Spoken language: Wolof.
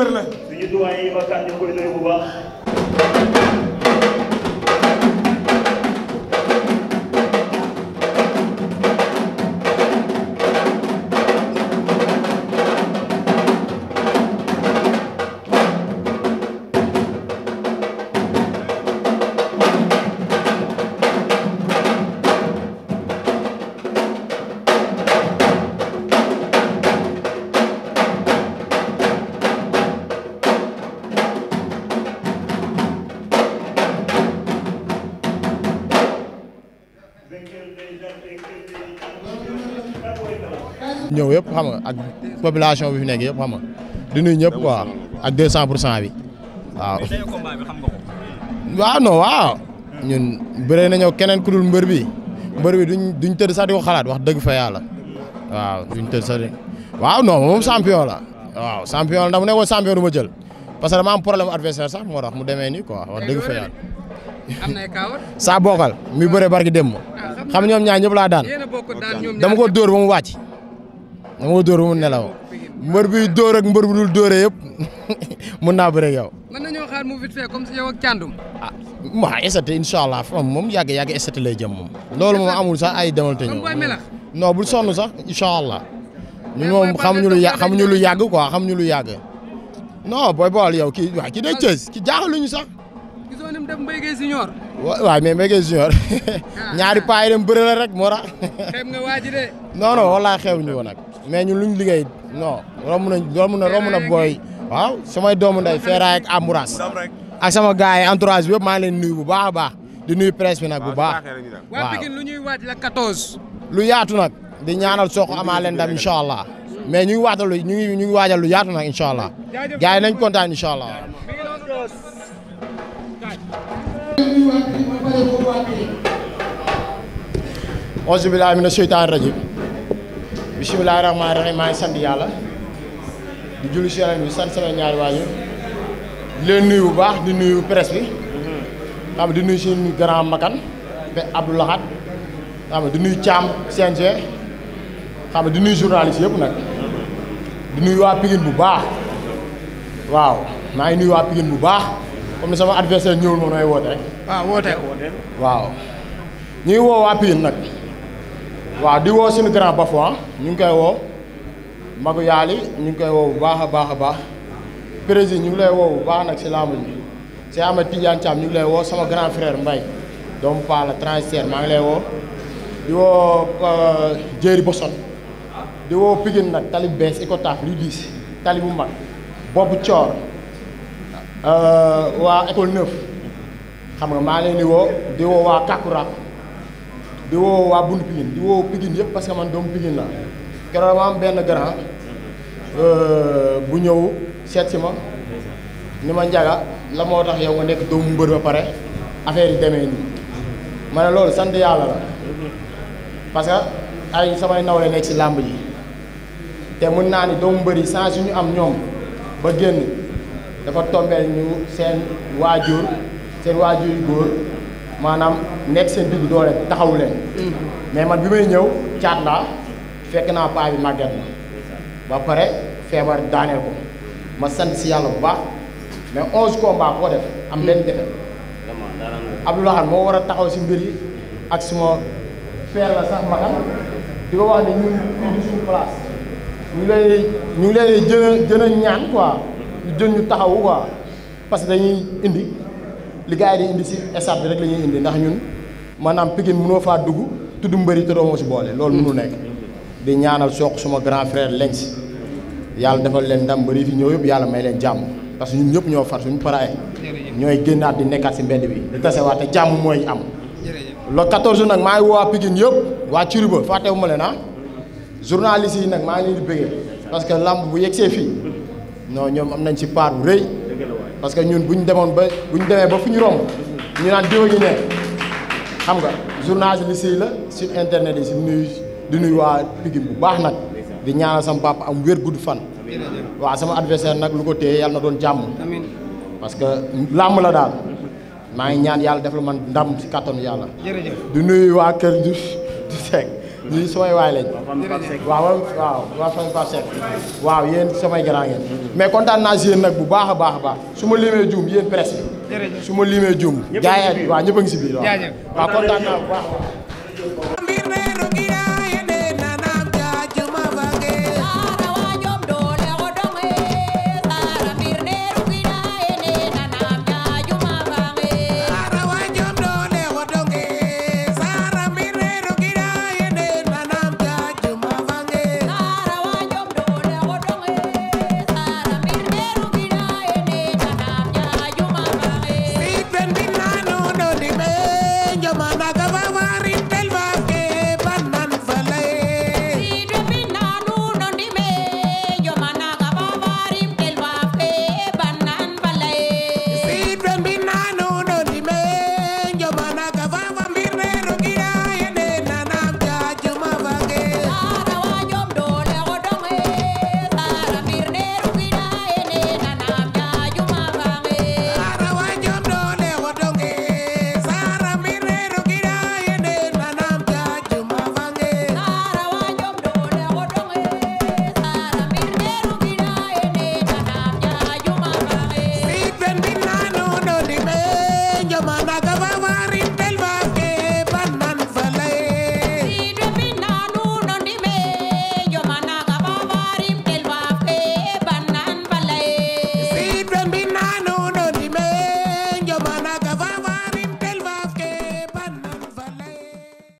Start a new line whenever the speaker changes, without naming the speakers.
wér la. suñu doyen yi ma tànn koy nuyu bu baax. ñëw yëpp xam nga ak population bi fi nekk yëpp xam nga di ñëpp quoi ak 200 pour cent bi waaw. waaw non waaw. ñun bëree nañoo keneen ku mbër bi mbër bi duñ duñ tëdd sax di xalaat wax dëgg fa yàlla waaw duñ tëdd sax di waaw non moom champion la waaw champion la ndax mu nekkoon champion du ma jël parce que dama am problème adversaire sax moo tax mu demee nii quoi wax dëgg fa yàlla. am saa bokkal mi bëree barki dem ah, ma. xam ñoom ñaar ñëpp laa daan. dama ko dóor ba mu wàcc. dama dóor mu nelaw mbër bi dóor ak mbër bu dul dóore yëpp mun naa bëre yow. mën nañoo xaar mu vite fait comme si yow ak Thiandoum. ah waaw esthete incha allah moom yàgg yàgg esthete lay jëm moom. loolu moom amul sax ay demal te ñëw. non bul sonn sax incha allah. ñun moom xamuñu lu yà xamuñu lu yàgg quoi xamuñu lu yàgg. non booy bool yow kii waa kii cës ki jaaxaluñu sax. gisoo ni mu def Mbaye Guèye Junior. wa waaw mais ah, ñaari ah. paa yi la rek moo tax. xeeb nga waaj de. non mais ñun luñ liggéey non romb nañ boy na romb na booy. samay doomu nday amburas ak sama gars yi entourage bi bu baax a baax di nuy presse bi nag bu baax. waaw lu ñuy waaj la 14. lu yaatu nag di ñaanal soog amaa leen ndam incha allah mais ñu ngi waajal lu ñu ngi ñu ngi waajal lu yaatu yi nañ kontaan incha allah. auzu bisimilah rahmaani rahiim maa ngi sant yàlla di julli si sant sama ñaari waajur di leen nuyu bu baax di nuyu presse bi mhm. xam di nuyu suñu grand makan ba Abdou xam di nuyu Thiam CNG xam di nuyu journaliste yëpp nag mhm. di nuyu waa Pikine bu baax waaw maa ngi nuyu waa Pikine bu baax comme ni sama adversaire ñëwul moom nooy woote rek. waaw ah, woote. waaw ñuy woo waa Pikine nag. waaw di woo suñu grand Bafou ah. ñu ngi koy woo magu yaali ñu ngi koy woo bu baax a baax a baax président ñu ngi lay woo bu baax nag si laamu ji si Amath Tidiane Thiam ñu ngi lay woo sama grand frère Mbaye doomu Paa la transitaire maa ngi lay woo di woo euh, Jéeri Boson di woo Pikine nag tali bees Icotaf lu diis tali bu mag boobu Coor euh, waa école neuf xam nga maa leen di woo di woo waa Kakuraak. di woo waa Bundu Pikine di woo Pikine yëpp parce man doomu Pikine la keroog ma am benn grand euh, bu ñëw seetsi ma ni ma njaga la moo tax yow nga nekk doomu mbër ba pare affaire yi demee nii ma ne loolu sant yàlla la parce que ay samay nawle nekk ci làmb ji te mën naa ni doomu mbër yi sans ñu am ñoom ba génn dafa tombee ñu seen waajur seen waajur yu góor maanaam nekk seen digg doole taxawu leen mm. mais man bi may ñëw caat laa fekk naa paa bi màgget na ba pare feebar daaneel ko ma sant si yàlla bu baax mais onze combats koo def am benn mm. defe Abdoulaye Khan moo war a taxaw si mbir yi ak suma feer la sax ma di ko wax ne ñun fii ñu ngi lay ñu ngi lay jën jën ñaan quoi ñu jën ñu taxawu quoi parce que dañuy indi li gars yi di indi si stade bi rek la ñuy indi ndax ñun maanaam Pikine mënoo faa dugg tudd mbëri te doo moo si boole loolu mënul nekk di ñaanal sook suma grand frère lenc yàlla defal leen ndam bëri fi ñëw yëpp yàlla may leen jàmm parce que ñun ñëpp ñoo far suñu paree ñooy génnaat di nekkaat si mbedd bi di tasewaat te jàmm mooy am le 14 nag maa ngi woo waa Pikine yëpp waa Curuba fàttewu ma leen ah journaliste yi nag maa ngi leen di bëggee parce que lamb bu yegsee fii non ñoom nañ ci part parce que ñun bu ñu demoon ba bu ñu demee ba fu ñu romb ñu naan diwa ñu xam nga journaliste yi la sur internet yi si nuyu di nuyu waa Pikine bu baax nag di ñaanal sama papa am wér gudd fan. waa sama adversaire nag lu ko téye yàlla na doon jàmm. parce que làmb la daal maa ngi ñaan yàlla def la man ndam ci kattanu yàlla. jërëjëf di nuyu waa Kër Diouf di Seck. ñii sumay waay lañ waaw waaw waa fan Pape Seck waaw yéen samay grand ngeen mais kontaan naa si yéen nag bu baax a baax a baax su ma limee juum yéen presque su ma limee juum gaay waaw ñëpp a ngi si biir waaw kontaan naa waaw waaw